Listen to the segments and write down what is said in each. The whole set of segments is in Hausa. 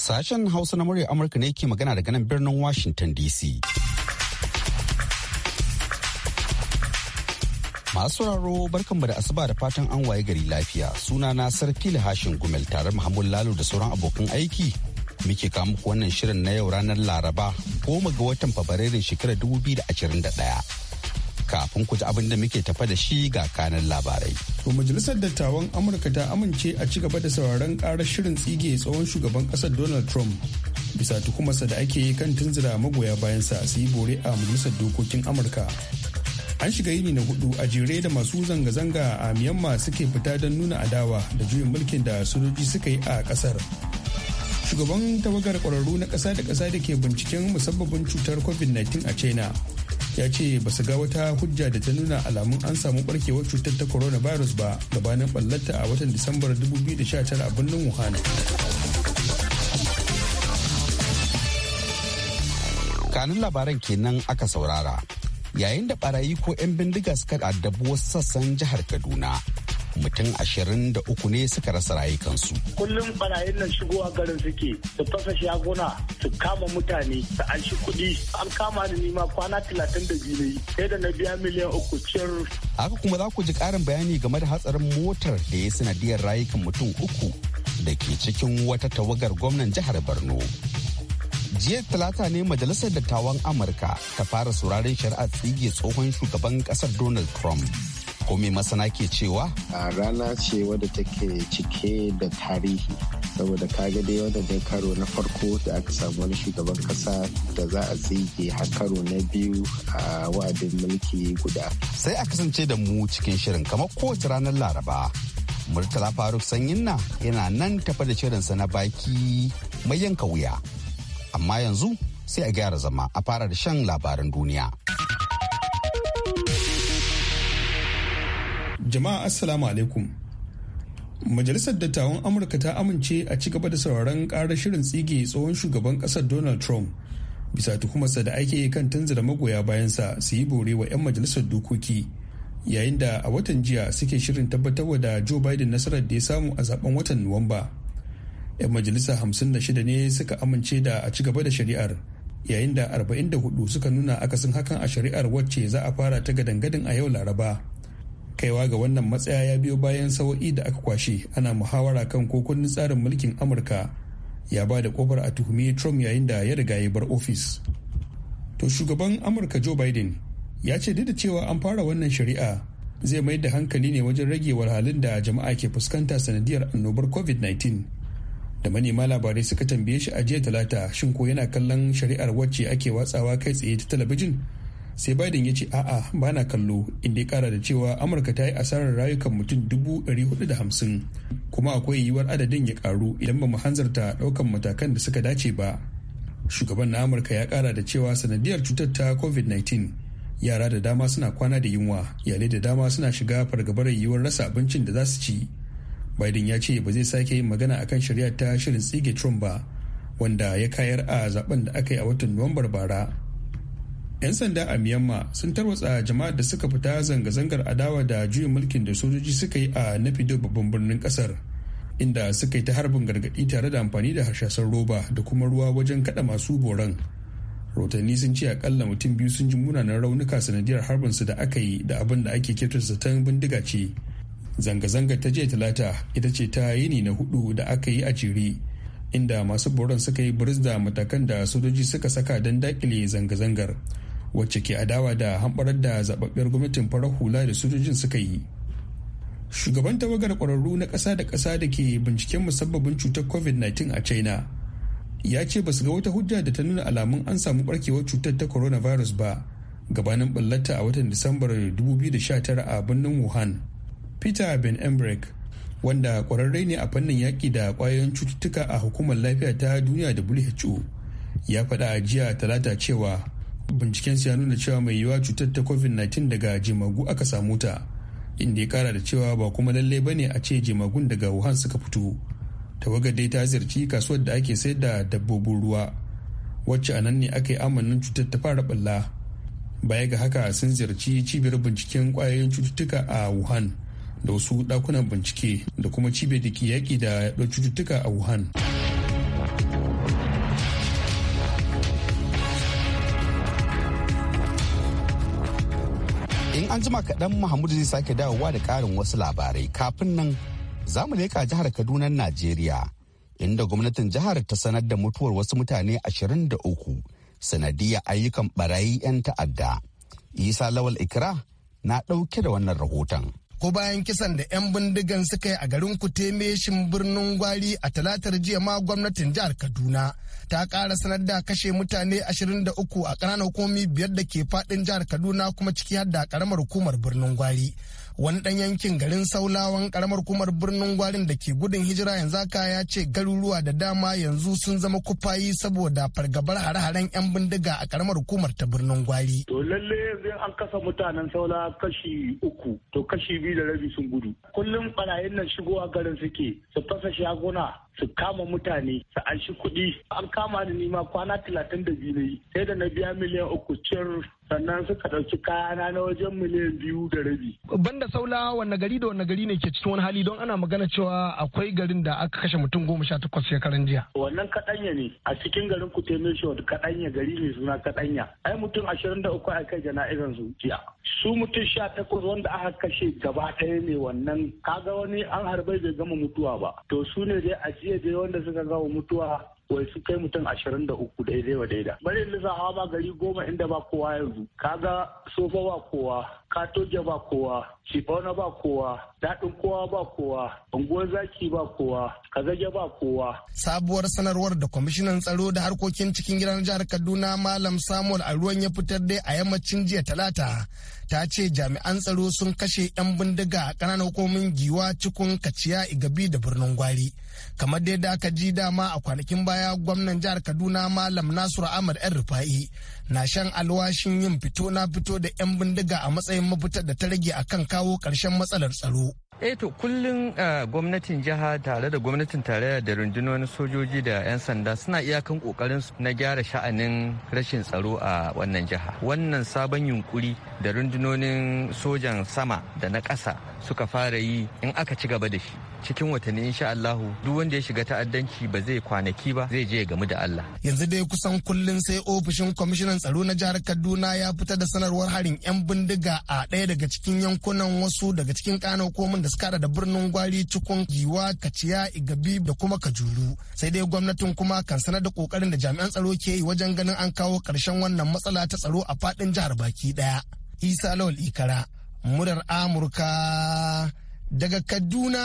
Sashen Hausa na murya Amurka ne ke magana daga nan birnin Washington DC. Masu sauraro barkanmu da asuba da fatan an waye gari lafiya. Suna na Sarfil Hashin Gumel tare mahamud Lalo da sauran abokan aiki muke kawo muku wannan shirin na yau ranar laraba goma ga watan fabrairun shekarar 2021 kafin ku ji abin da muke tafa da shi ga kanan labarai. To majalisar dattawan Amurka ta amince a ci gaba da sauraron karar shirin tsige tsohon shugaban kasar Donald Trump bisa tuhumarsa da ake yi kan tunzura magoya bayansa su yi bore a majalisar dokokin Amurka. an shiga yini na hudu a jere da masu zanga-zanga a myanmar suke fita don nuna adawa da juyin mulkin da sojoji suka yi a kasar shugaban tawagar kwararru na ƙasa da ƙasa da ke binciken musabbabin cutar covid-19 a china ya ce ba su ga wata hujja da ta nuna alamun an samu barkewar cutar ta coronavirus ba gabanin ballata a watan disambar 2019 a birnin wuhan kanun labaran kenan aka saurara yayin da barayi ko 'yan bindiga suka addabi wasu sassan jihar kaduna mutum ashirin da uku ne suka rasa rayukansu. Kullum barayin nan shigo shigowa garin suke su fasa shaguna su kama mutane su an shi kuɗi an kama ni ma kwana talatin da biyu ne sai da na biya miliyan uku cin. Haka kuma za ku ji ƙarin bayani game da hatsarin motar da ya sanadiyar rayukan mutum uku da ke cikin wata tawagar gwamnan jihar Borno. jiya talata ne majalisar dattawan amurka ta fara sauraron shari'a tsige tsohon shugaban kasar donald trump ko me masana ke cewa? A rana ce wadda take cike da tarihi saboda kaga dai wanda dai karo na farko da aka samu wani shugaban kasa da za a zige har karo na biyu a wa'adin mulki guda. Sai a kasance da mu cikin shirin kamar kowace ranar Laraba. Murtala Faruk sanyin na yana nan tafa da shirinsa na baki mai yanka wuya. Amma yanzu sai a gyara zama a fara da shan labaran duniya. Jama'a Assalamu alaikum. Majalisar Dattawan Amurka ta amince a ci gaba da sauraron ƙarar shirin tsige tsohon shugaban ƙasar Donald Trump bisa tuhumarsa da ake kan tanzara magoya bayansa su yi bore wa 'yan majalisar dokoki yayin da a watan jiya suke shirin tabbatarwa da Joe Biden nasarar da ya samu a zaben watan Nuwamba. 'Yan majalisa hamsin da shida ne suka amince da a ci gaba da shari'ar yayin da hudu suka nuna akasin hakan a shari'ar wacce za a fara ta gadangadin a yau Laraba. kaiwa ga wannan matsaya ya biyo bayan sawo'i da aka kwashe ana muhawara kan kokonin tsarin mulkin amurka ya ba da kofar a tuhumi trump yayin da ya riga ya bar ofis to shugaban amurka joe biden ya ce duk da cewa an fara wannan shari'a zai mai da hankali ne wajen rage halin da jama'a ke fuskanta sanadiyar annobar covid-19 da manema labarai suka tambaye shi a jiya talata shin ko yana kallon shari'ar wacce ake watsawa kai tsaye ta talabijin sai biden ya ce a'a ba na kallo inda ya kara da cewa amurka ta yi asarar rayukan mutum dubu hudu da hamsin kuma akwai yiwuwar adadin ya karu idan ba mu hanzarta daukan matakan da suka dace ba shugaban na amurka ya kara da cewa sanadiyar cutar ta covid-19 yara da dama suna kwana da yunwa yare da dama suna shiga fargabar yiwuwar rasa abincin da za su ci biden ya ce ba zai sake yin magana akan shari'a ta shirin tsige trump ba wanda ya kayar a zaben da aka yi a watan nuwambar bara 'yan sanda a myanmar sun tarwatsa jama'ar da suka fita zanga-zangar adawa da juyin mulkin da sojoji suka yi a nafido babban birnin kasar inda suka yi ta harbin gargadi tare da amfani da harshasan roba da kuma ruwa wajen kada masu boran rotanni sun ce akalla mutum biyu sun ji munanan raunuka sanadiyar harbin su da aka yi da abin da ake kirtar zaton bindiga ce zanga-zangar ta jiya talata ita ce ta yini na hudu da aka yi a jere inda masu boran suka yi biris matakan da sojoji suka saka don dakile zanga-zangar wacce ke adawa da hamɓarar da zababbiyar gwamnatin farar hula da sojojin suka yi shugaban tawagar ƙwararru na ƙasa da ƙasa da ke binciken musabbabin cutar covid-19 a china ya ce ba su ga wata hujja da ta nuna alamun an samu barkewar cutar ta coronavirus ba gabanin ɓallata a watan disambar 2019 a birnin wuhan peter ben embrek wanda ƙwararre ne a fannin yaƙi da ƙwayoyin cututtuka a hukumar lafiya ta duniya who ya faɗa a jiya talata cewa binciken ya nuna cewa mai yiwuwa cutar ta covid-19 daga jimagu aka samu ta inda ya kara da cewa ba kuma lalle ba ne a ce jimagun daga wuhan suka fito tawagar dai ta ziyarci kasuwar da ake sayar da dabbobin ruwa wacce a nan ne aka yi amannin cutar ta fara balla baya ga haka sun ziyarci cibiyar binciken kwayoyin cututtuka a wuhan da wasu dakunan bincike da kuma cibiyar da ke yaƙi da yaɗo cututtuka a wuhan. in an jima kaɗan mahmud zai sake dawowa da ƙarin wasu labarai kafin nan za mu leka jihar kaduna najeriya inda gwamnatin jihar ta sanar da mutuwar wasu mutane 23 sanadiyar ayyukan barayi 'yan ta'adda isa lawal ikrah na ɗauke da wannan rahoton ko bayan kisan da 'yan bindigan suka yi a garin kutemeshin birnin gwari a talatar jiya ma gwamnatin jihar kaduna ta kara sanar da kashe mutane 23 a ƙananan hukumomi biyar da ke faɗin jihar kaduna kuma ciki har da ƙaramar hukumar birnin gwari wani dan yankin garin saulawan karamar kumar birnin gwarin da ke gudun hijira yanzu aka ya ce garuruwa da dama yanzu sun zama kufayi saboda fargabar hare-haren 'yan bindiga a karamar kumar ta birnin gwari. to lalle yanzu an kasa mutanen saula kashi uku to kashi biyu da rabi sun gudu kullum barayin nan shigowa garin suke su fasa shaguna su kama mutane su an shi kuɗi an kama ni nima kwana talatin da biyu ne sai da na biya miliyan uku ciyar sannan suka ɗauki kayana na wajen miliyan biyu da rabi. da saula wanne gari da wanne gari ne ke cikin wani hali don ana magana cewa akwai garin da aka kashe mutum goma sha takwas shekaran jiya. Wannan kaɗanya ne a cikin garin Kuteme Shod kaɗanya gari ne suna kaɗanya. Ai mutum ashirin da uku aka jana'izan su jiya. Su mutum sha takwas wanda aka kashe gaba ɗaya ne wannan kaga wani an harbai bai gama mutuwa ba. To su ne dai a jiya dai wanda suka gama mutuwa wai su kai mutum ashirin da uku daidai wa daida bari hawa ba gari goma inda ba kowa yanzu kaga sofa ba kowa katoja ba kowa shifona ba kowa daɗin kowa ba kowa unguwar zaki ba kowa kazage ba kowa sabuwar sanarwar da kwamishinan tsaro da harkokin cikin gidan jihar kaduna malam samuel a ruwan ya fitar dai a yammacin jiya talata ta ce jami'an tsaro sun kashe 'yan bindiga a ƙananan hukumomin giwa cikin kaciya igabi da birnin gwari kamar dai da aka ji dama a kwanakin baya gwamnan jihar kaduna malam nasiru ahmad yan rufa'i na shan alwashin yin fito na fito da 'yan bindiga a matsayin matsayin mafitar da ta rage akan kawo ƙarshen matsalar tsaro. eh to kullum ah, gwamnatin jiha tare da gwamnatin tarayya da rundunonin sojoji da 'yan sanda suna iyakan kokarin na gyara sha'anin rashin tsaro a wannan jiha wannan sabon yunkuri da rundunonin sojan sama da na ƙasa suka fara yi in aka ci gaba da shi cikin watanni insha Allahu duk wanda ya shiga ta'addanci ba zai kwanaki ba zai je ya gamu da Allah yanzu dai kusan kullum sai ofishin kwamishinan tsaro na jihar Kaduna ya fita da sanarwar harin 'yan bindiga a ɗaya daga cikin yankunan wasu daga cikin kano ko da suka da birnin gwari cikin giwa kaciya igabi da kuma kajuru sai dai gwamnatin kuma kan sanar da kokarin da jami'an tsaro ke yi wajen ganin an kawo karshen wannan matsala ta tsaro a fadin jihar baki daya isa lawal ikara murar amurka daga kaduna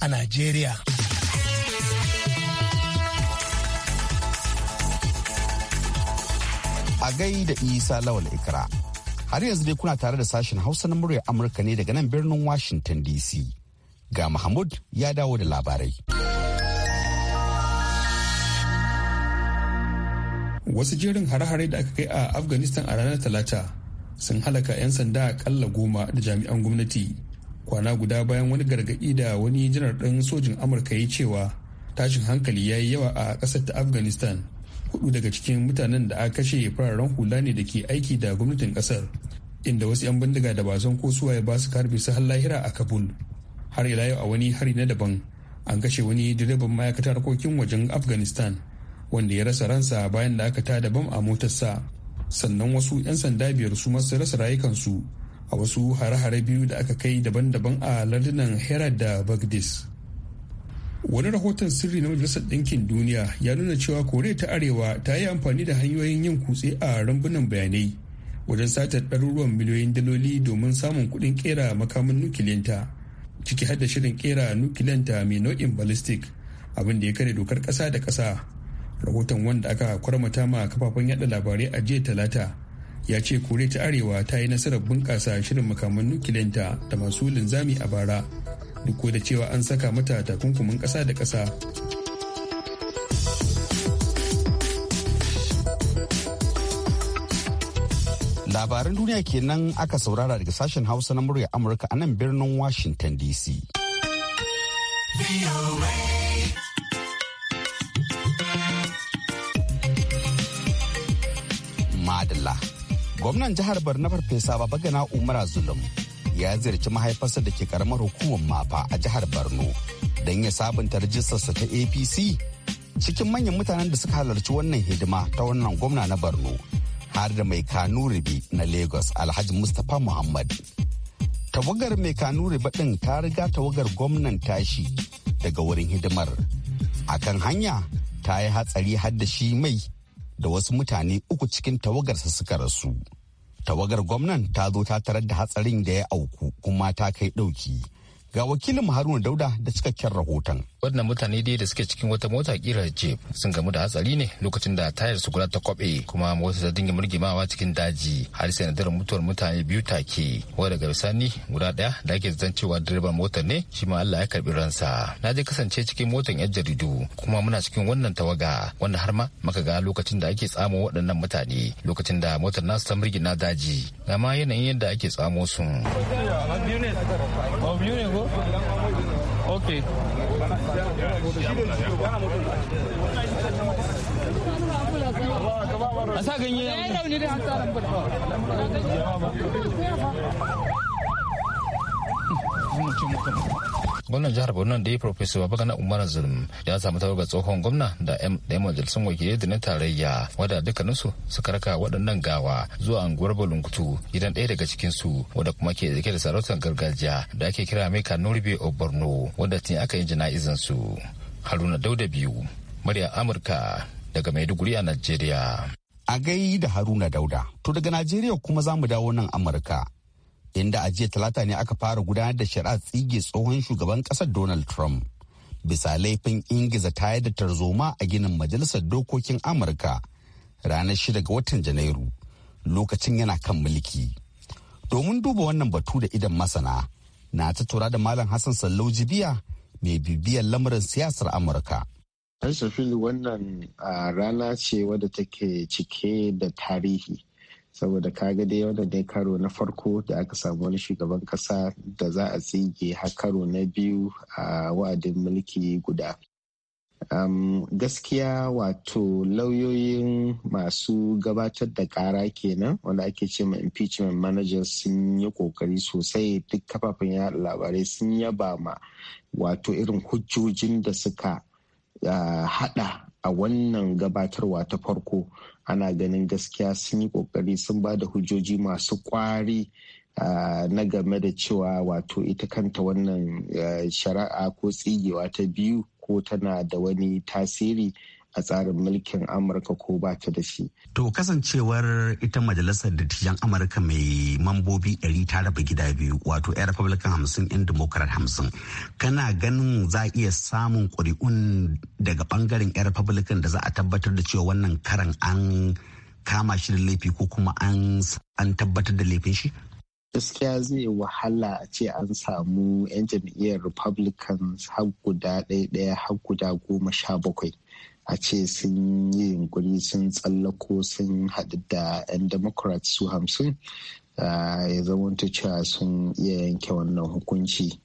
a najeriya a gai da isa lawal ikara. Har yanzu dai kuna tare da sashen Hausa na murya Amurka ne daga nan birnin Washington DC. Ga Mahmud ya dawo da labarai. Wasu jerin hare-hare da aka kai a Afghanistan a ranar Talata sun halaka 'yan sanda akalla goma da jami'an gwamnati. Kwana guda bayan wani gargaɗi da wani janar ɗin sojin Amurka ya cewa tashin hankali ya yi yawa a ƙasar ta Afghanistan. hudu daga cikin mutanen da aka kashe fararen hula ne da ke aiki da gwamnatin ƙasar. inda wasu 'yan bindiga da ba san ko suwaye ba su karbe su har lahira a kabul har ila yau a wani hari na daban an kashe wani direban ma'aikatar harkokin wajen afghanistan wanda ya rasa ransa bayan da aka da bam a motarsa sannan wasu 'yan sanda biyar su masu rasa rayukansu a wasu hare-hare biyu da aka kai daban-daban a lardunan herat da bagdis wani rahoton sirri na majalisar ɗinkin duniya ya nuna cewa koriya ta arewa ta yi amfani da hanyoyin yin kutse a rambunan bayanai wajen sace ɗaruruwan miliyoyin daloli domin samun kuɗin ƙera makamin nukiliyanta ciki hada shirin ƙera nukiliyanta mai nau'in ballistic abin da ya kare dokar ƙasa da ƙasa rahoton wanda aka kwarmata ma kafafen yada labarai a jiya talata ya ce kore ta arewa ta yi nasarar bunƙasa shirin makaman nukiliyanta da masu linzami a bara duk da cewa an saka mata takunkumin ƙasa da ƙasa Labaran duniya kenan aka saurara daga sashen Hausa na murya Amurka a nan birnin Washington DC. Madalla. Gwamnan jihar Barna Farfesa gana umara Zulum ya ziyarci mahaifarsa da ke karamar hukumar Mafa a jihar Borno don ya sabunta rajistarsa ta APC cikin manyan mutanen da suka halarci wannan hidima ta wannan gwamna na Borno. har da mai kanu ribi na lagos alhaji mustapha muhammad tawagar mai kanu ribi ɗin ta riga tawagar gwamnan tashi daga wurin hidimar a kan hanya ta yi hatsari har da shi mai da wasu mutane uku cikin tawagarsa suka rasu tawagar gwamnan ta zo ta tarar da hatsarin da ya auku kuma ta kai ɗauki. Ga wakilin Haruna Dauda da cikakken rahoton. Wannan mutane dai da suke cikin wata mota kira jeep sun gamu da hatsari ne lokacin da tayar su guda ta kwabe kuma mota ta dinga murgimawa cikin daji har sai na mutuwar mutane biyu take wanda daga bisani guda daya da ake zan cewa direban motar ne shi ma Allah ya karbi ransa. Na je kasance cikin motar yan jaridu kuma muna cikin wannan tawaga wanda har ma maka ga lokacin da ake tsamo waɗannan mutane lokacin da motar nasu ta murgina daji ga ma yanayin yadda ake tsamo sun. ko ok a sa ganye ya rauni gwamnan jihar borno da ya profesa na umar zulum ya samu ga tsohon gwamna da yan majalisun wakilai da na tarayya wadda dukkaninsu suka raka waɗannan gawa zuwa anguwar balunkutu idan ɗaya daga cikinsu wadda kuma ke zake da sarautar gargajiya da ake kira mai ribe o borno wadda tun aka yi jana'izan su haruna dauda biyu murya amurka daga maiduguri a najeriya a gai da haruna dauda to daga najeriya kuma za mu dawo nan amurka inda a jiya talata ne aka fara gudanar da shari'a tsige tsohon shugaban kasar donald trump bisa laifin ingiza tayar da tarzoma a ginin majalisar dokokin amurka ranar 6 ga watan janairu lokacin yana kan mulki domin duba wannan batu da idan masana na tattauna da malam hassan sallau jibiya mai bibiyar lamarin siyasar amurka Hansa fili wannan ah, rana ce wadda take cike da tarihi saboda kaga dai wannan dai karo na farko da aka samu wani shugaban kasa da za a tsige har karo na biyu a wa'adin mulki guda um, gaskiya wato lauyoyin masu gabatar da kara kenan wanda ake ce ma impeachment manager sun yi kokari sosai duk kafafen ya labarai sun yaba ma wato irin hujjojin da suka uh, ah, hada a wannan gabatarwa ta farko ana ganin gaskiya sun yi kokari sun ba da hujjoji masu kwari na game da cewa wato ita kanta wannan eh, shari'a ko tsigewa ta biyu ko tana da wani tasiri a tsarin mulkin amurka ko ba ta da shi to kasancewar ita majalisar dattijan amurka mai mambobi 100 ta raba gida biyu wato 'yan republican 50 'yan democrat 50 kana ganin za a iya samun ƙuri'un daga bangaren 'yan republican da za a tabbatar da cewa wannan karan an kama shi da laifi ko kuma an tabbatar da laifin shi gaskiya zai wahala a ce an samu 'yan jam'iyyar republicans har guda ɗaya har guda goma sha bakwai a ce sun yi yunkuri sun tsallako sun haɗu da 'yan democrats su hamsin ya zamanta cewa sun iya yanke wannan hukunci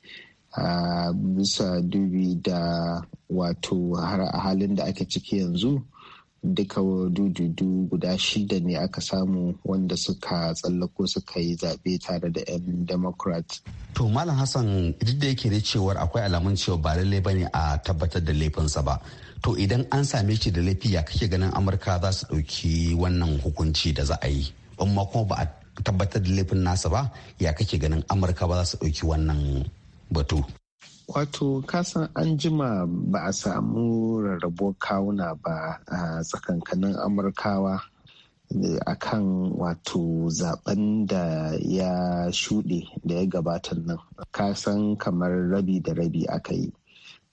bisa dubi da wato a halin da ake ciki yanzu duka dududu guda shida ne aka samu wanda suka tsallako suka yi zaɓe tare da 'yan democrat to malam hassan duk da yake da cewar akwai alamun cewa ba lallai bane a tabbatar da laifinsa ba to idan an same shi da laifi ya kake ganin amurka za su ɗauki wannan hukunci da za a yi in ma kuma ba a tabbatar da laifin nasa ba ya kake ganin amurka ba za su ɗauki wannan batu Wato kasan an jima ba a samu rarrabuwar kawuna ba a tsakankanin Amurkawa eh, a kan wato zaben da ya shuɗe da ya gabata nan. Kasan kamar rabi da rabi aka yi.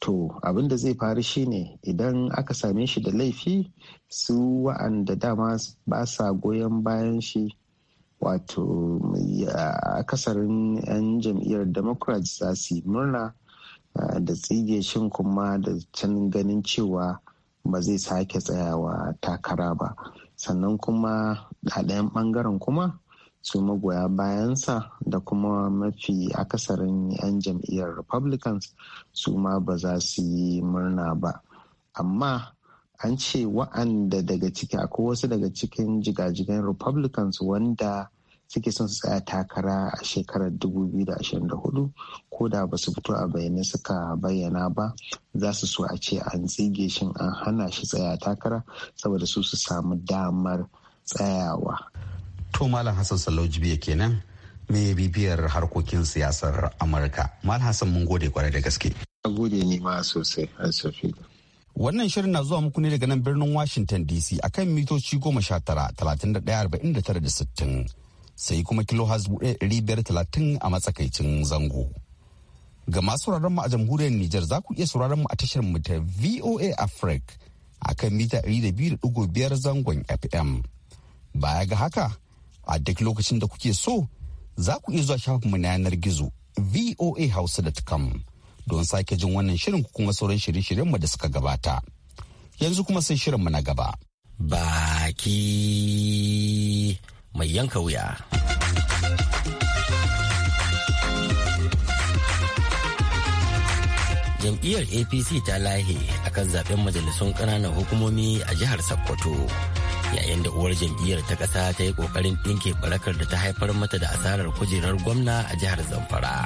To abin da zai faru shine idan aka same shi da laifi su wa'anda dama ba sa goyon bayan shi wato akasarin 'yan jam'iyyar democrats za su yi murna da tsige shin kuma da can ganin cewa ba zai sake tsayawa takara ba sannan kuma a ɗayan ɓangaren kuma su magoya bayansa da kuma mafi akasarin 'yan jam'iyyar republicans su ma ba za su yi murna ba amma an ce wa'anda daga ciki akwai wasu daga cikin jigajigan republicans wanda suke son su tsaya takara a shekarar 2024 ko da ba su fito a bayyane suka bayyana ba za su so a ce an tsige shi an hana shi tsaya takara saboda su su samu damar tsayawa. To Malam Hassan Salaujibiya kenan mai bibiyar harkokin siyasar Amurka. Malam Hassan mun gode kwarai da gaske. A gode ne ma sosai, Wannan shirin na zuwa muku ne daga nan birnin Washington DC akan mitoci goma sha tara, talatin da ɗaya, arba'in da tara da sittin. sai kuma kilohertz 530 a matsakaicin zango. Ga masu mu a jamhuriyar Nijar za ku iya sauraron mu a tashar mu ta VOA Africa a kan mita 200.5 zangon FM. Baya ga haka, a duk lokacin da kuke so za ku iya zuwa shafinmu na yanar gizo voahausa.com don sake jin wannan shirin ku kuma sauran shirye mu da suka gabata. Yanzu kuma sai shirin mu na gaba. Baki mai yanka wuya. jam'iyyar apc ta lahe akan zaben majalisun ƙananan hukumomi a jihar sokoto yayin da uwar jam'iyyar ta ƙasa ta yi ƙoƙarin ɗinke barakar da ta haifar mata da asarar kujerar gwamna a jihar zamfara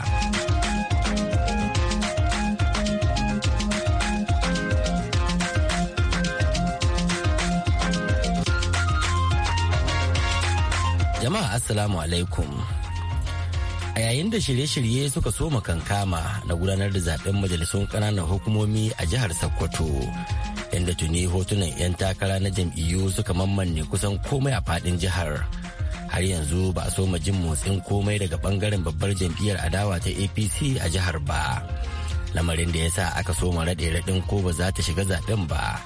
Jama'a Assalamu alaikum. A yayin da shirye-shirye suka soma kankama na gudanar da zaben majalisun kananan hukumomi a jihar Sokoto. Inda tuni hotunan 'yan takara na jam'iyyu suka mammanne kusan komai a fadin jihar. har yanzu ba a so jin motsin komai daga bangaren babbar jam'iyyar adawa ta apc a jihar ba lamarin da ya sa aka so raɗe raɗin ko ba za ta shiga zaben ba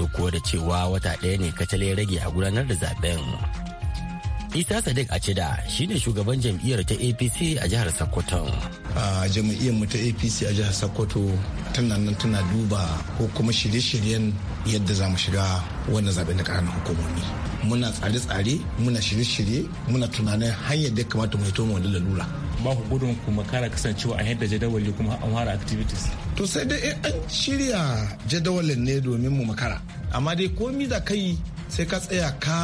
duk da cewa wata ɗaya ne ya rage a gudanar da zaben isa sadiq shi ne shugaban jam'iyyar ta apc a jihar sokoto a jam'iyyar mu ta apc a jihar sokoto tana nan tana duba ko kuma shirye-shiryen yadda za mu shiga wannan zaɓen na ƙananan hukumomi muna tsare-tsare muna shirye-shirye muna tunanin hanyar da ya kamata mu hito mu da lalura ba ku gudun ku makara kasancewa a yadda jadawali kuma an fara activities to sai dai an shirya jadawalin ne domin mu makara amma dai komi da kai sai ka tsaya ka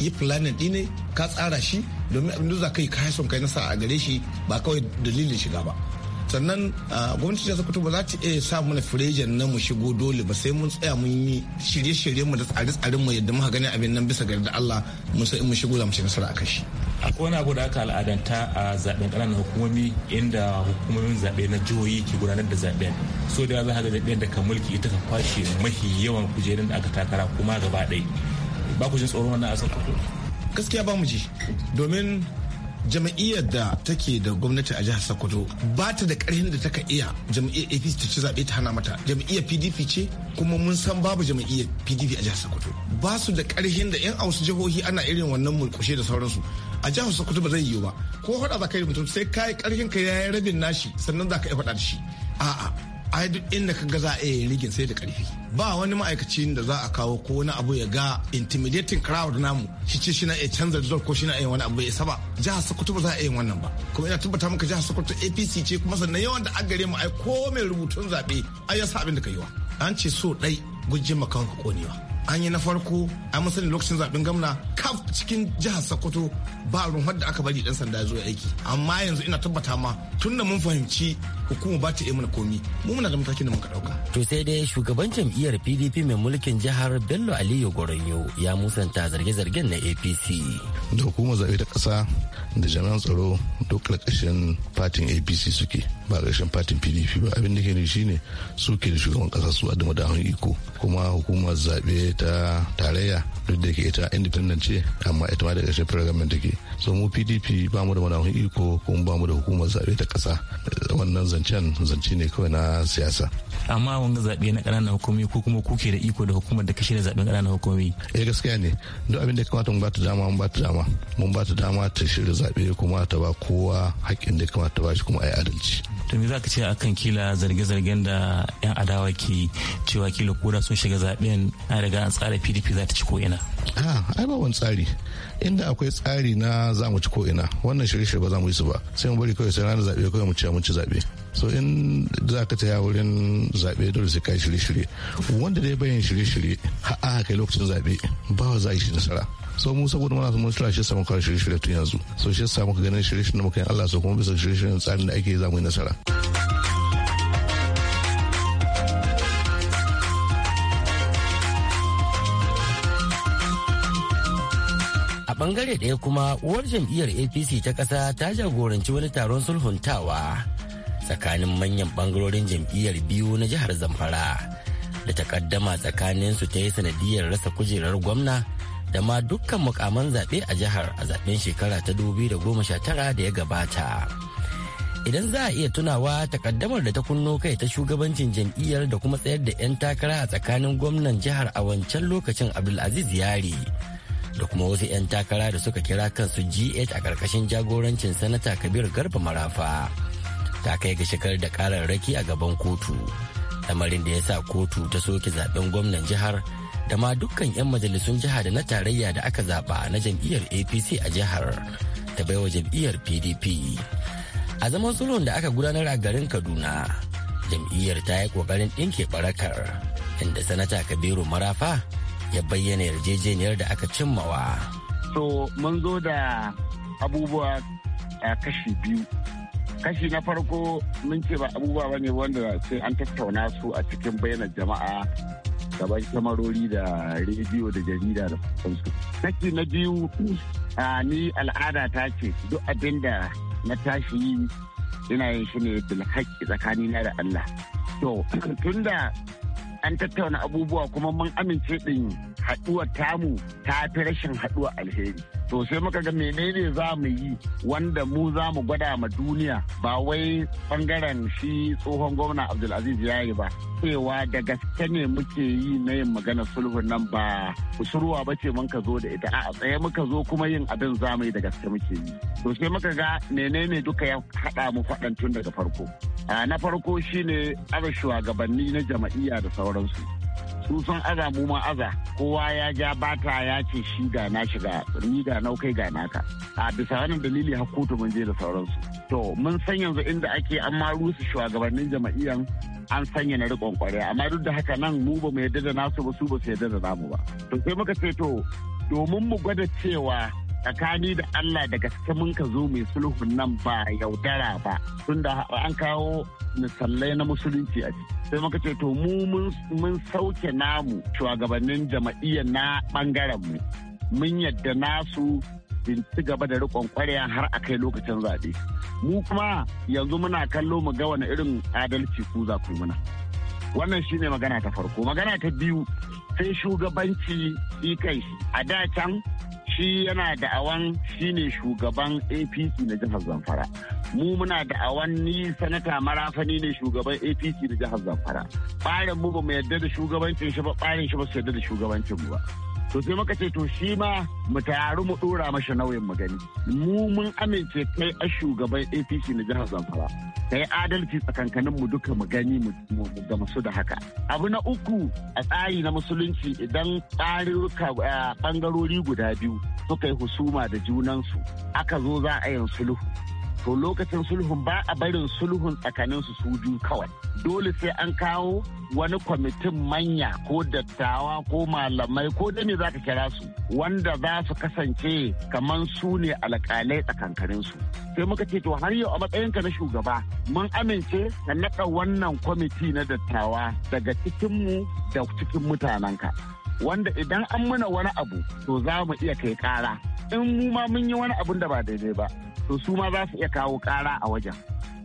yi planning ɗine ka tsara shi domin abin da za ka yi ka son kai nasa a gare shi ba kawai dalilin shiga ba sannan gwamnati ta sokoto ba za ta iya sa mana firejin na mu shigo dole ba sai mun tsaya mun yi shirye-shiryen mu da tsare-tsaren mu yadda muka gani abin nan bisa ga da Allah mun sai mu shigo za mu ci nasara akan shi akwai wani abu da aka al'adanta a zaben kananan hukumomi inda hukumomin zaɓe na jihohi ke gudanar da zaben so da za ka ga da ka mulki ita ka kwashe mafi yawan kujerun da aka takara kuma gaba ɗaya ba ku jin tsoron wannan asar gaskiya ba mu ji domin jam'iyyar da take da gwamnati a jihar sokoto ba ta da karhin da taka iya jam'iyyar apc ta ci zaɓe ta hana mata jam'iyyar pdp ce kuma mun san babu jam'iyyar pdp a jihar sokoto ba su da karhin da yan wasu jihohi ana irin wannan mulkushe da sauransu a jihar sokoto ba zai yiwu ba ko faɗa za ka yi mutum sai kai karhin ka yayi rabin nashi sannan za ka iya faɗa da shi a'a ai duk inda ka ga za a yi rigin sai da karfi ba wani ma'aikacin da za a kawo ko wani abu ya ga intimidating crowd namu shi ce shi na iya canza result ko shi na iya wani abu ya saba jihar Sokoto ba za a iya wannan ba kuma ina tabbata maka jihar Sokoto APC ce kuma sannan yawan da an gare mu ai ko mai rubutun zabe ai ya sa abin da ka yi wa an ce so dai gujin makan ka konewa an yi na farko a musulun lokacin zaɓen gamna kaf cikin jihar sokoto ba ruwan da aka bari dan sanda ya zo aiki amma yanzu ina tabbata ma tun da mun fahimci hukuma ba ta iya mana komi mu muna da matakin da muka ɗauka. to sai dai shugaban jam'iyyar pdp mai mulkin jihar bello aliyu goronyo ya musanta zarge-zargen na apc da hukumar zaɓe ta ƙasa da jami'an tsaro duk ƙarƙashin fatin apc suke ba ƙarshen fatin pdp ba abin da ke ne shine su ke da shugaban ƙasa su a da madahun iko kuma hukumar zaɓe ta tarayya duk da ke ita independent ce amma ita ma da ƙarshen federal take so mu pdp ba mu da madahun iko kuma ba mu da hukumar zaɓe ta ƙasa wannan zancen zance ne kawai na siyasa amma wanga zaɓe na ƙananan hukumi ko kuma kuke da iko da hukumar da kashe da zaɓen ƙananan hukumi. eh gaskiya ne duk abin da ya kamata mun ba ta dama mun ba ta dama mun ba ta dama ta shirya zaɓe kuma ta ba kowa haƙƙin da kamata ba shi kuma a yi adalci. to me za ka ce akan kila zarge-zargen da 'yan adawa ke cewa kila kura sun shiga zaɓen an riga an tsara pdp za ta ci ko ina. a ai ba wani tsari inda akwai tsari na za mu ci ko ina wannan shirye-shirye ba za mu yi su ba sai mu bari kawai sai ranar zaɓe kawai mu ci mu ci zaɓe so in za ka taya wurin zaɓe dole sai kai shirye-shirye wanda dai bayan shirye-shirye a kai lokacin zaɓe ba za a yi shi nasara so mu saboda muna mun tura shi samu kawai shirye-shirye tun yanzu so shi samu ka ganin shirye-shirye muka yi Allah so kuma bisa shirye-shiryen tsarin da ake za mu yi nasara. bangare ɗaya kuma uwar jam'iyyar apc ta ƙasa ta jagoranci wani taron sulhuntawa tsakanin manyan bangarorin jam'iyyar biyu na jihar zamfara da takaddama tsakaninsu ta yi sanadiyar rasa kujerar gwamna da ma dukkan mukaman zaɓe a jihar a zaɓen shekara ta 2019 da ya gabata idan za a iya tunawa takaddamar da ta kunno kai ta shugabancin jam'iyyar da kuma tsayar da 'yan takara a tsakanin gwamnan jihar a wancan lokacin abdulaziz yari da kuma wasu 'yan takara da suka kira kansu g a ƙarƙashin jagorancin sanata kabir garba marafa ta kai ga shekarar da kararraki a gaban kotu lamarin da ya sa kotu ta soke zaben gwamnan jihar da ma dukkan 'yan majalisun jiha da na tarayya da aka zaba na jam'iyyar apc a jihar ta baiwa jam'iyyar pdp a zaman sulhun da aka gudanar a garin kaduna jam'iyyar ta yi kokarin ɗinke barakar inda sanata kabiru marafa ya bayyana yarjejeniyar da aka cimmawa. so mun zo da abubuwa a kashi biyu kashi na farko mun ce ba abubuwa ba ne wanda sai an tattauna su a cikin bayanan jama'a gaban kyamarori da rediyo da jarida da kansu kashi na biyu ni al'ada ta ce duk abin da na tashi yi ina yin shi ne bilhaki na da Allah to tun da an tattauna abubuwa kuma mun amince din haɗuwar tamu ta fi rashin haɗuwar alheri to sai muka ga menene za mu yi wanda mu za mu gwada ma duniya ba wai bangaren shi tsohon gwamna abdulaziz ya yi ba cewa da gaske ne muke yi na yin magana sulhun nan ba kusurwa ba ce mun ka zo da ita A'a tsaye muka zo kuma yin abin za mu yi da gaske muke yi to sai muka ga menene duka ya haɗa mu faɗan tun daga farko ah, na farko shine ne shugabanni na jama'iyya da sauransu sun san aza mu ma aza kowa ya ja bata ya ce shi ga na shiga ni ga na kai ga naka a bisa wannan dalili har kotu mun je da sauransu to mun san yanzu inda ake an ma rusu shugabannin jama'iyyan an sanya na riƙon ƙwarya amma duk da haka nan mu ba mu yarda da nasu ba su ba su yarda da namu ba to sai muka ce to domin mu gwada cewa tsakani da Allah da gaske mun ka zo mai sulhun nan ba yaudara ba tunda an kawo misalai na musulunci a ciki sai muka ce to mu mun sauke namu shugabannin jama'iyya na bangaren mu mun yadda nasu bin ci gaba da rikon kwarya har a kai lokacin zaɓe mu kuma yanzu muna kallo mu ga wani irin adalci ku za ku muna wannan shine magana ta farko magana ta biyu sai shugabanci shi kai a da can shi yana da awan shine shugaban apc na jihar zamfara mu muna da awan ni sanata marafani ne shugaban apc na jihar zamfara ɓarin mu ba mu yarda da shugabancin shi ba ɓarin shi ba su yarda da shugabancin mu ba to sai muka ce to shi ma mu tayaru mu dora masa nauyin mu gani mu mun amince kai a shugaban APC na jihar Zamfara kai adalci tsakankanin mu duka mu gani mu ga masu da haka abu na uku a tsari na musulunci idan tsarurruka bangarori eh, guda biyu suka yi husuma da junansu aka zo za a yin sulhu to lokacin sulhun ba a barin sulhun tsakanin su su biyu kawai dole sai an kawo wani kwamitin manya ko dattawa ko malamai ko da me zaka kira su wanda za su kasance kamar su ne alƙalai tsakankanin su sai muka ce to har yau a matsayinka na shugaba mun amince ka naɗa wannan kwamiti na dattawa daga cikin mu da cikin mutanenka wanda idan an muna wani abu to za mu iya kai kara in mu ma mun yi wani abun da ba daidai ba to su ma za su iya kawo kara a wajen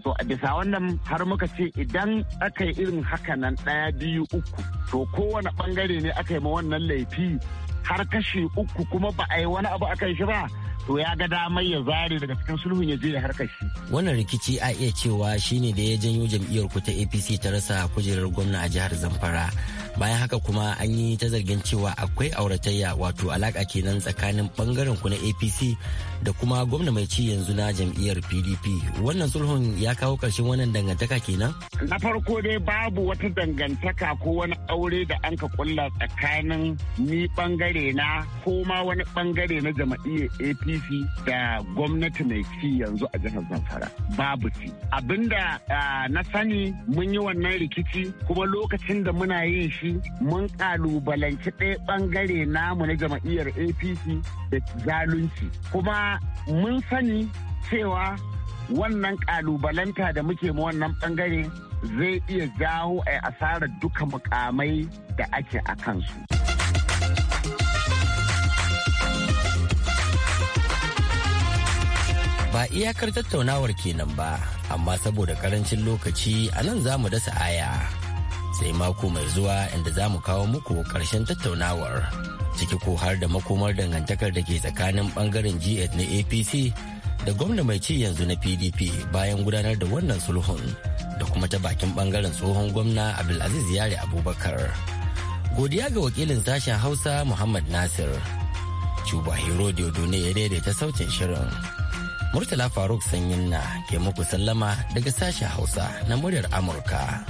so a bisa wannan har muka ce idan aka yi irin haka nan ɗaya biyu uku to kowane ɓangare ne aka yi ma wannan laifi har kashi uku kuma ba a yi wani abu aka yi shi ba to ya ga damar ya zare daga cikin sulhun ya je ya harkar shi. Wannan rikici a iya cewa shine da ya janyo jam'iyyar ku ta APC ta rasa kujerar gwamna a jihar Zamfara. bayan haka kuma an yi ta zargin cewa akwai auratayya wato alaka kenan tsakanin bangaren ku na apc da kuma gwamna mai ci yanzu na jam'iyyar pdp wannan sulhun ya kawo karshen wannan dangantaka kenan na farko dai babu wata dangantaka ko wani aure da an ka kulla tsakanin ni bangare na ko ma wani bangare na jam'iyyar apc da gwamnati mai ci yanzu a jihar zamfara babu ci abinda ah, na sani mun yi wannan rikici kuma lokacin da muna yin shi mun kalubalanci ɗaya ɓangare namu na jam'iyyar apc da zalunci kuma mun sani cewa wannan kalubalanta da muke ma wannan ɓangare zai iya jawo a asarar duka mukamai da ake a kansu. ba iyakar tattaunawar kenan ba amma saboda karancin lokaci a nan za mu dasa aya sai mako mai zuwa inda za mu kawo muku karshen tattaunawar ciki ko har da makomar dangantakar da ke tsakanin bangaren g na apc da gwamna mai ci yanzu na pdp bayan gudanar da wannan sulhun da kuma ta bakin bangaren tsohon gwamna abdulaziz yare abubakar godiya ga wakilin sashen hausa muhammad nasir cuba hero ne ya daidaita sautin shirin murtala faruk sanyin na ke muku sallama daga sashen hausa na muryar amurka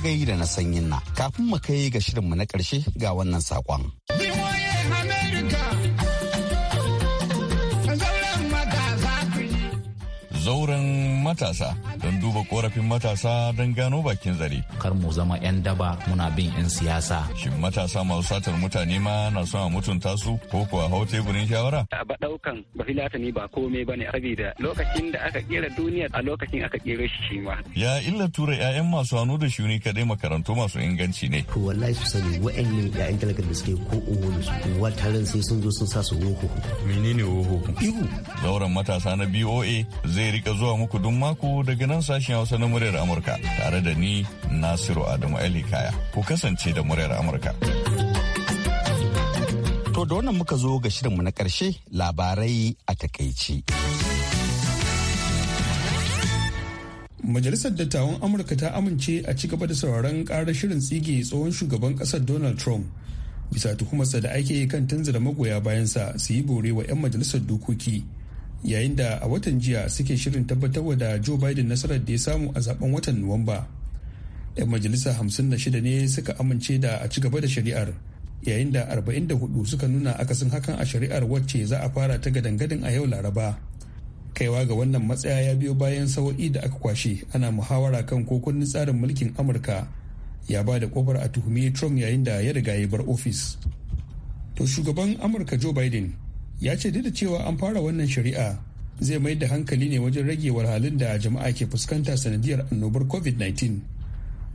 zagaye da na sanyin na kafin mu kai ga mu na ƙarshe ga wannan saƙon. Zauren matasa. don duba korafin matasa don gano bakin zare. Kar mu zama 'yan daba muna bin 'yan siyasa. Shin matasa masu satar mutane ma na son a mutunta su ko kuwa hau teburin shawara? A ba ɗaukan ba ne ba komai ba ne saboda lokacin da aka kera duniya a lokacin aka kera shi shi ma. Ya illa tura 'ya'yan masu hannu da shuni kadai makarantu masu inganci ne. To wallahi su sani wa'annan 'ya'yan talakar da suke ko uwanu su sai sun zo sun sa su woho. Menene woho? Ihu. Zauren matasa na BOA zai rika zuwa muku duk mako daga nan sashen Hausa na muryar Amurka tare da ni Nasiru Adamu Alikaya. Ku kasance da muryar Amurka. To da wannan muka zo ga shirinmu na ƙarshe labarai a takaici. Majalisar Dattawan Amurka ta amince a ci gaba da sauraron ƙarar shirin tsige tsohon shugaban ƙasar Donald Trump bisa tuhumarsa da ake kan tanzara magoya bayansa su yi bore wa 'yan majalisar dokoki. yayin da a watan jiya suke shirin tabbatar da joe biden nasarar da ya samu a zaben watan nuwamba 'yan majalisa hamsin shida ne suka amince da a ci gaba da shari'ar yayin da arba'in da 44 suka nuna akasin hakan a shari'ar wacce za a fara ta gadangadin a yau laraba kaiwa ga wannan matsaya ya biyo bayan sawa'i da aka kwashe ana muhawara kan ko kunnin tsarin mulkin amurka ya ba da kofar a tuhumi trump yayin da ya riga ya bar ofis to shugaban amurka joe biden ya ce duk da cewa an fara wannan shari'a zai mai da hankali ne wajen rage halin da jama'a ke fuskanta sanadiyar annobar covid-19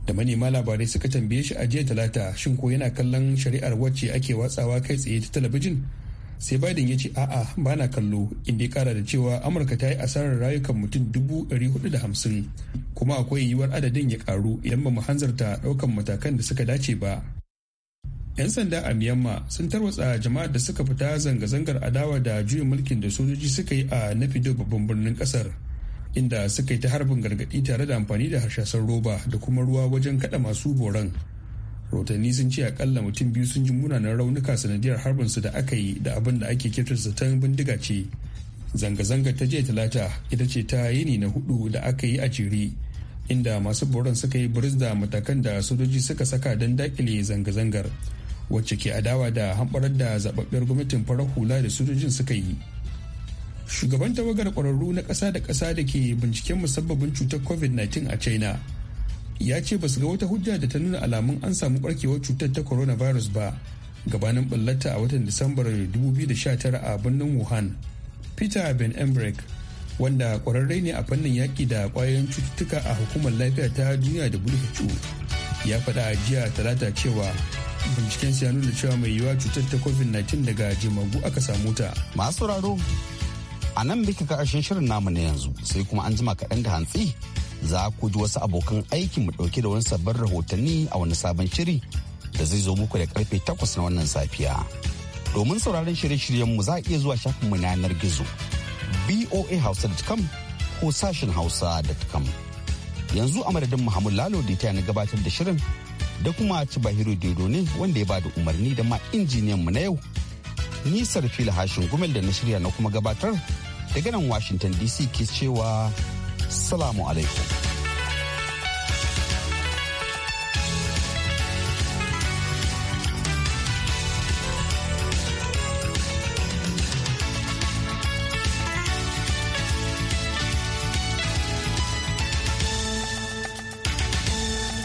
da manema labarai suka tambaye shi a jiya talata shin ko yana kallon shari'ar wacce ake watsawa kai tsaye ta talabijin sai biden ya ce a'a ba na kallo inda ya kara da cewa amurka ta yi asarar rayukan mutum dubu hudu da hamsin kuma akwai yiwuwar adadin ya karu idan ba mu hanzarta daukan matakan da suka dace ba 'yan sanda a myanmar sun tarwatsa jama'ar da suka fita zanga-zangar adawa da juyin mulkin da sojoji suka yi a nafido babban birnin kasar inda suka yi ta harbin gargadi tare da amfani da harshasan roba da kuma ruwa wajen kada masu boran rotanni sun ce akalla mutum biyu sun ji munanan raunuka sanadiyar harbin su da aka yi da abin da ake kirtar ta bindiga ce zanga zanga ta jiya talata ita ce ta yini na hudu da aka yi a jere inda masu boran suka yi buris matakan da sojoji suka saka don dakile zanga-zangar wacce ke adawa da hamɓarar da zababbiyar gwamnatin farar hula da sojojin suka yi shugaban tawagar ƙwararru na ƙasa da ƙasa da ke binciken musabbabin cutar covid-19 a china ya ce ba su ga wata hujja da ta nuna alamun an samu ɓarkewar cutar ta coronavirus ba gabanin ɓallata a watan disambar 2019 a birnin wuhan peter ben embrek wanda ƙwararre ne a fannin yaƙi da ƙwayoyin cututtuka a hukumar lafiya ta duniya da who ya faɗa a jiya talata cewa binciken ya nuna cewa mai yiwuwa cutar ta covid-19 daga jimagu aka samu ta masu raro a nan bika karshen shirin namu na yanzu sai kuma an jima kaɗan da hantsi za ku ji wasu abokan aikin mu ɗauke da wani sabbin rahotanni a wani sabon shiri da zai zo muku da karfe takwas na wannan safiya domin sauraron shirye shiryen mu za a iya zuwa shafin mu na yanar gizo voahausa.com ko sashen hausa.com yanzu a madadin muhammad lalo da ta gabatar da shirin da kuma Cibahiru Dodo ne wanda ya bada umarni da ma injiniyan mu na yau. Ni Sarfil Hashin Gumel da na shirya na kuma gabatar daga nan Washington DC ke cewa Salamu alaikum.